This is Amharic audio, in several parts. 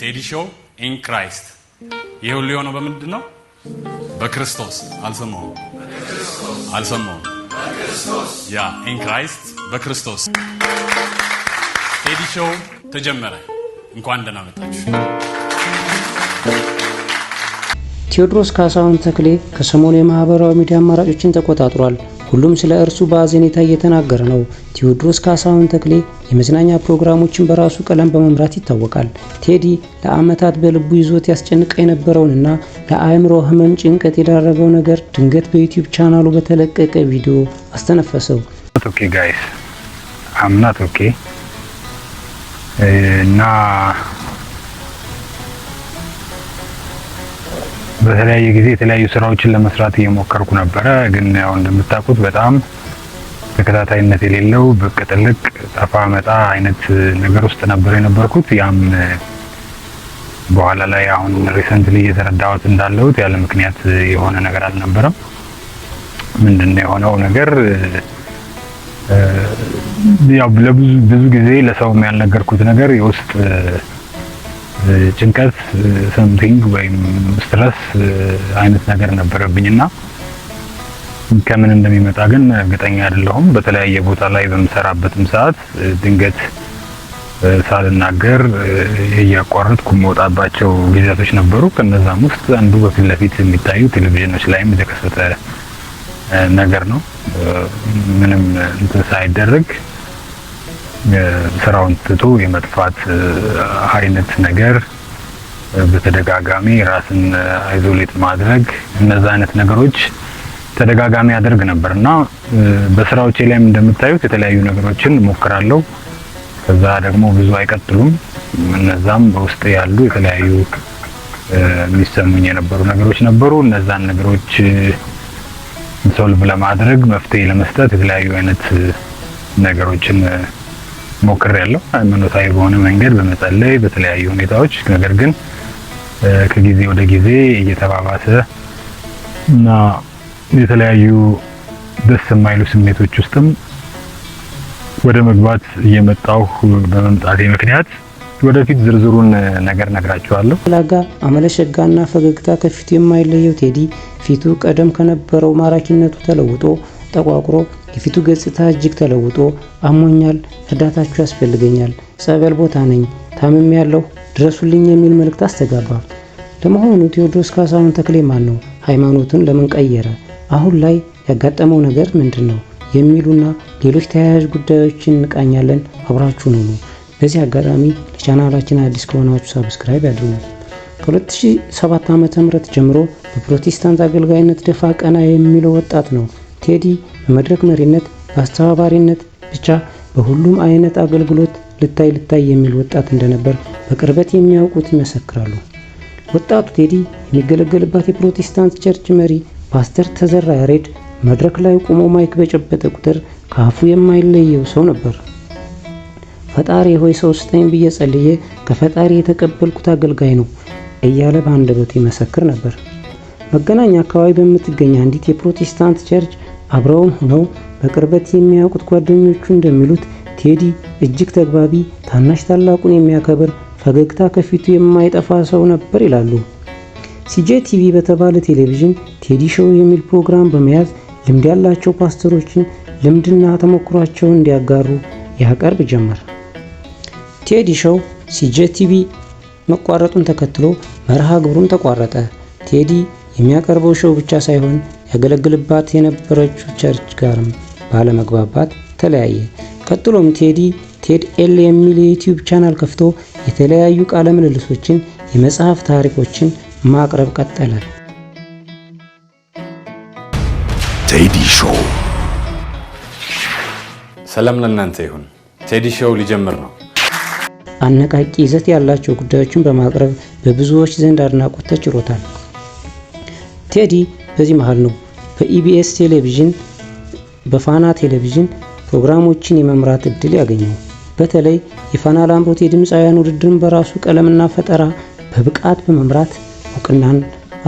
ቴዲ ሾው ኢን ክራይስት። ይህ ሁሉ የሆነው በምንድን ነው? በክርስቶስ አልሰማሁም፣ አልሰማሁም። ያ ኢን ክራይስት በክርስቶስ ቴዲ ሾው ተጀመረ። እንኳን ደህና መጣችሁ። ቴዎድሮስ ካሳሁን ተክሌ ከሰሞኑ የማህበራዊ ሚዲያ አማራጮችን ተቆጣጥሯል። ሁሉም ስለ እርሱ በአዘኔታ እየተናገረ ነው። ቴዎድሮስ ካሳሁን ተክሌ የመዝናኛ ፕሮግራሞችን በራሱ ቀለም በመምራት ይታወቃል። ቴዲ ለዓመታት በልቡ ይዞት ያስጨንቀ የነበረውንና ለአእምሮ ህመም ጭንቀት የዳረገው ነገር ድንገት በዩቲዩብ ቻናሉ በተለቀቀ ቪዲዮ አስተነፈሰው። ጋይስ አምናት ኦኬ እና በተለያየ ጊዜ የተለያዩ ስራዎችን ለመስራት እየሞከርኩ ነበረ። ግን ያው እንደምታውቁት በጣም ተከታታይነት የሌለው ብቅ ጥልቅ ጠፋ መጣ አይነት ነገር ውስጥ ነበር የነበርኩት። ያም በኋላ ላይ አሁን ሪሰንትሊ እየተረዳሁት እንዳለሁት ያለ ምክንያት የሆነ ነገር አልነበረም። ምንድነው የሆነው ነገር ያው ለብዙ ብዙ ጊዜ ለሰውም ያልነገርኩት ነገር የውስጥ ጭንቀት ሰምቲንግ ወይም ስትረስ አይነት ነገር ነበረብኝና ከምን እንደሚመጣ ግን እርግጠኛ አይደለሁም። በተለያየ ቦታ ላይ በምሰራበትም ሰዓት ድንገት ሳልናገር እያቋረጥኩ መውጣባቸው ጊዜያቶች ነበሩ። ከነዛም ውስጥ አንዱ በፊት ለፊት የሚታዩ ቴሌቪዥኖች ላይም የተከሰተ ነገር ነው። ምንም እንትን ሳይደረግ ስራውን ትቶ የመጥፋት አይነት ነገር በተደጋጋሚ ራስን አይዞሌት ማድረግ እነዛ አይነት ነገሮች ተደጋጋሚ ያደርግ ነበር እና በስራዎቼ ላይም እንደምታዩት የተለያዩ ነገሮችን እሞክራለሁ። ከዛ ደግሞ ብዙ አይቀጥሉም። እነዛም በውስጥ ያሉ የተለያዩ የሚሰሙኝ የነበሩ ነገሮች ነበሩ። እነዛን ነገሮች ሶልቭ ለማድረግ መፍትሄ ለመስጠት የተለያዩ አይነት ነገሮችን ሞክሬያለሁ፣ ሃይማኖታዊ በሆነ መንገድ በመጸለይ በተለያዩ ሁኔታዎች። ነገር ግን ከጊዜ ወደ ጊዜ እየተባባሰ እና የተለያዩ ደስ የማይሉ ስሜቶች ውስጥም ወደ መግባት እየመጣሁ በመምጣቴ ምክንያት ወደፊት ዝርዝሩን ነገር ነግራችኋለሁ። ላጋ አመለሸጋና ፈገግታ ከፊቱ የማይለየው ቴዲ ፊቱ ቀደም ከነበረው ማራኪነቱ ተለውጦ ጠቋቁሮ የፊቱ ገጽታ እጅግ ተለውጦ አሞኛል፣ እርዳታችሁ ያስፈልገኛል፣ ጸበል ቦታ ነኝ፣ ታምም ያለው ድረሱልኝ የሚል መልእክት አስተጋባ። ለመሆኑ ቴዎድሮስ ካሳሁን ተክሌ ማን ነው? ሃይማኖትን ለምን ቀየረ? አሁን ላይ ያጋጠመው ነገር ምንድን ነው? የሚሉና ሌሎች ተያያዥ ጉዳዮችን እንቃኛለን። አብራችሁ ነው። በዚህ አጋጣሚ ለቻናላችን አዲስ ከሆናችሁ ሳብስክራይብ ያድርጉ። ከ2007 ዓ ም ጀምሮ በፕሮቴስታንት አገልጋይነት ደፋ ቀና የሚለው ወጣት ነው ቴዲ በመድረክ መሪነት፣ በአስተባባሪነት ብቻ በሁሉም አይነት አገልግሎት ልታይ ልታይ የሚል ወጣት እንደነበር በቅርበት የሚያውቁት ይመሰክራሉ። ወጣቱ ቴዲ የሚገለገልባት የፕሮቴስታንት ቸርች መሪ ፓስተር ተዘራ ያሬድ መድረክ ላይ ቆሞ ማይክ በጨበጠ ቁጥር ከአፉ የማይለየው ሰው ነበር። ፈጣሪ ሆይ ሰው ስጠኝ ብዬ ጸልየ ከፈጣሪ የተቀበልኩት አገልጋይ ነው እያለ በአንደበቱ ይመሰክር ነበር። መገናኛ አካባቢ በምትገኝ አንዲት የፕሮቴስታንት ቸርች አብረው ሆነው በቅርበት የሚያውቁት ጓደኞቹ እንደሚሉት ቴዲ እጅግ ተግባቢ፣ ታናሽ ታላቁን የሚያከብር፣ ፈገግታ ከፊቱ የማይጠፋ ሰው ነበር ይላሉ። ሲጄ ቲቪ በተባለ ቴሌቪዥን ቴዲ ሾው የሚል ፕሮግራም በመያዝ ልምድ ያላቸው ፓስተሮችን ልምድና ተሞክሯቸውን እንዲያጋሩ ያቀርብ ጀመር። ቴዲ ሾው ሲጄ ቲቪ መቋረጡን ተከትሎ መርሃ ግብሩም ተቋረጠ። ቴዲ የሚያቀርበው ሾው ብቻ ሳይሆን ያገለግልባት የነበረችው ቸርች ጋርም ባለመግባባት ተለያየ። ቀጥሎም ቴዲ ቴድ ኤል የሚል የዩቲዩብ ቻናል ከፍቶ የተለያዩ ቃለ ምልልሶችን፣ የመጽሐፍ ታሪኮችን ማቅረብ ቀጠለ። ቴዲ ሾው ሰላም ለእናንተ ይሁን። ቴዲ ሾው ሊጀምር ነው። አነቃቂ ይዘት ያላቸው ጉዳዮችን በማቅረብ በብዙዎች ዘንድ አድናቆት ተችሮታል። ቴዲ በዚህ መሃል ነው በኢቢኤስ ቴሌቪዥን በፋና ቴሌቪዥን ፕሮግራሞችን የመምራት እድል ያገኘው። በተለይ የፋና ላምሮት የድምፃውያን ውድድርን በራሱ ቀለምና ፈጠራ በብቃት በመምራት እውቅናን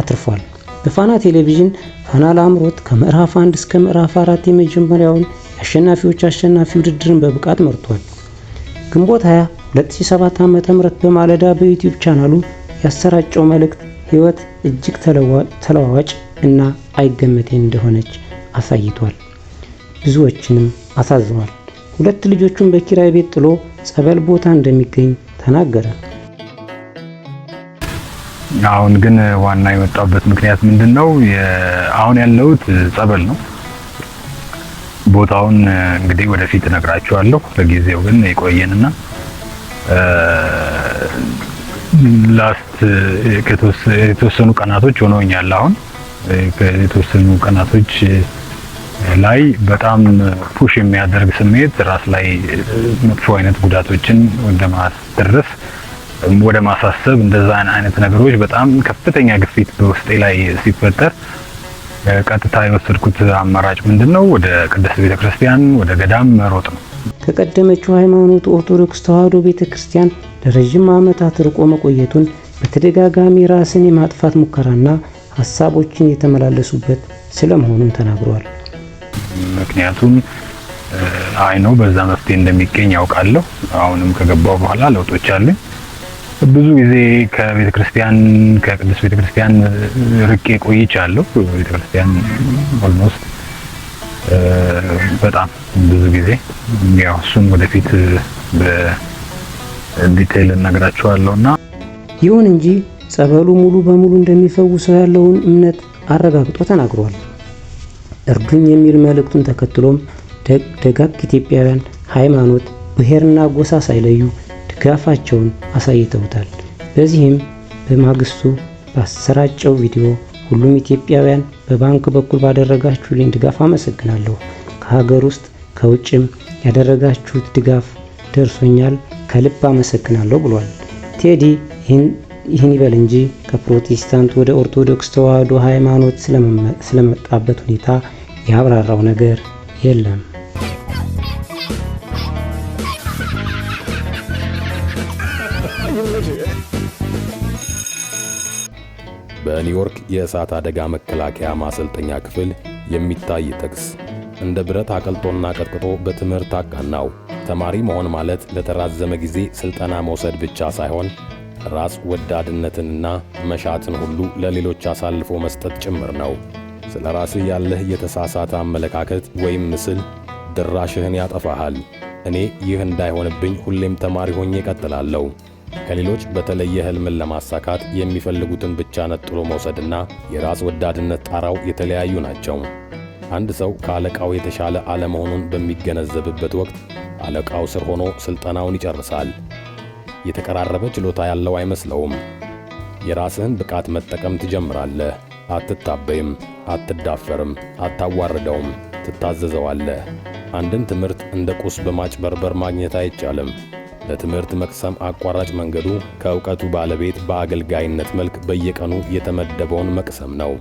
አትርፏል። በፋና ቴሌቪዥን ፋና ላምሮት ከምዕራፍ 1 እስከ ምዕራፍ 4 የመጀመሪያውን የአሸናፊዎች አሸናፊ ውድድርን በብቃት መርቷል። ግንቦት 20 2007 ዓ.ም በማለዳ በዩቲዩብ ቻናሉ ያሰራጨው መልእክት ህይወት እጅግ ተለዋዋጭ እና አይገመቴ እንደሆነች አሳይቷል። ብዙዎችንም አሳዝኗል። ሁለት ልጆቹን በኪራይ ቤት ጥሎ ጸበል ቦታ እንደሚገኝ ተናገረ። አሁን ግን ዋና የመጣበት ምክንያት ምንድን ነው? አሁን ያለሁት ጸበል ነው። ቦታውን እንግዲህ ወደፊት እነግራችኋለሁ። ለጊዜው ግን የቆየንና ላስት የተወሰኑ ቀናቶች ሆነውኛል። አሁን የተወሰኑ ቀናቶች ላይ በጣም ፑሽ የሚያደርግ ስሜት ራስ ላይ መጥፎ አይነት ጉዳቶችን ወደ ማስደረስ ወደ ማሳሰብ እንደዛ አይነት ነገሮች በጣም ከፍተኛ ግፊት በውስጤ ላይ ሲፈጠር ቀጥታ የወሰድኩት አማራጭ ምንድን ነው? ወደ ቅድስት ቤተክርስቲያን ወደ ገዳም መሮጥ ነው። ከቀደመችው ሃይማኖት ኦርቶዶክስ ተዋህዶ ቤተ ክርስቲያን ለረዥም ዓመታት ርቆ መቆየቱን በተደጋጋሚ ራስን የማጥፋት ሙከራና ሀሳቦችን የተመላለሱበት ስለመሆኑም ተናግሯል። ምክንያቱም አይ ነው በዛ መፍትሄ እንደሚገኝ ያውቃለሁ። አሁንም ከገባው በኋላ ለውጦች አሉኝ። ብዙ ጊዜ ከቤተ ክርስቲያን ከቅዱስ ቤተ ክርስቲያን ርቄ ቆይቻለሁ። ቤተ ክርስቲያን ኦልሞስት በጣም ብዙ ጊዜ ያው እሱም ወደፊት በዲቴይል እነግራችኋለሁ እና ይሁን እንጂ ጸበሉ ሙሉ በሙሉ እንደሚፈውሰው ያለውን እምነት አረጋግጦ ተናግሯል። እርዱኝ የሚል መልእክቱን ተከትሎም ደጋግ ኢትዮጵያውያን ሃይማኖት፣ ብሔርና ጎሳ ሳይለዩ ድጋፋቸውን አሳይተውታል። በዚህም በማግስቱ ባሰራጨው ቪዲዮ ሁሉም ኢትዮጵያውያን በባንክ በኩል ባደረጋችሁልኝ ድጋፍ አመሰግናለሁ። ከሀገር ውስጥ ከውጭም ያደረጋችሁት ድጋፍ ደርሶኛል፣ ከልብ አመሰግናለሁ ብሏል። ቴዲ ይህን ይበል እንጂ ከፕሮቴስታንት ወደ ኦርቶዶክስ ተዋህዶ ሃይማኖት ስለመጣበት ሁኔታ ያብራራው ነገር የለም። በኒውዮርክ የእሳት አደጋ መከላከያ ማሰልጠኛ ክፍል የሚታይ ጥቅስ እንደ ብረት አቀልጦና ቀጥቅጦ በትምህርት አቃናው። ተማሪ መሆን ማለት ለተራዘመ ጊዜ ሥልጠና መውሰድ ብቻ ሳይሆን ራስ ወዳድነትንና መሻትን ሁሉ ለሌሎች አሳልፎ መስጠት ጭምር ነው። ስለ ራስህ ያለህ የተሳሳተ አመለካከት ወይም ምስል ድራሽህን ያጠፋሃል። እኔ ይህ እንዳይሆንብኝ ሁሌም ተማሪ ሆኜ እቀጥላለሁ። ከሌሎች በተለየ ህልምን ለማሳካት የሚፈልጉትን ብቻ ነጥሎ መውሰድና የራስ ወዳድነት ጣራው የተለያዩ ናቸው። አንድ ሰው ከአለቃው የተሻለ አለመሆኑን በሚገነዘብበት ወቅት አለቃው ስር ሆኖ ሥልጠናውን ይጨርሳል። የተቀራረበ ችሎታ ያለው አይመስለውም። የራስህን ብቃት መጠቀም ትጀምራለህ። አትታበይም፣ አትዳፈርም፣ አታዋርደውም፣ ትታዘዘዋለህ። አንድን ትምህርት እንደ ቁስ በማጭበርበር ማግኘት አይቻልም። ለትምህርት መቅሰም አቋራጭ መንገዱ ከእውቀቱ ባለቤት በአገልጋይነት መልክ በየቀኑ የተመደበውን መቅሰም ነው።